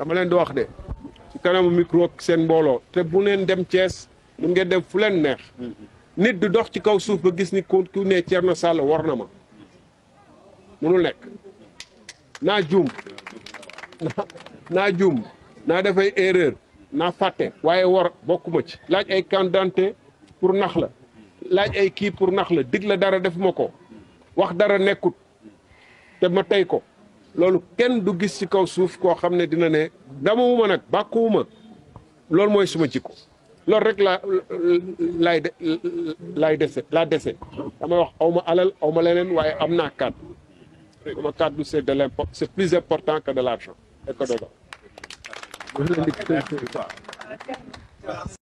dama leen di wax de ci kanamu micro seen mbooloo te bu neen dem cees nu ngeen dem fu leen neex nit du dox ci kaw suuf ba gis ni ku ku ne Thierno Sall war na ma munul nekk naa juum naa juum naa dafay erreur naa fàtte waaye war bokkuma ci laaj ay candidate pour nax la laaj ay kii pour nax la dig la dara defuma ko wax dara nekkut te ma tey ko loolu kenn du gis ci kaw suuf koo xam ne dina ne damawuma nag bàkkuwuma loolu mooy suma jikko loolu rek laa laay de laay dese laa dese damay wax aw ma alal aw ma leneen waaye am naa kàddu sama kàddu c'est de l'import c'est plus important que de l'argent et que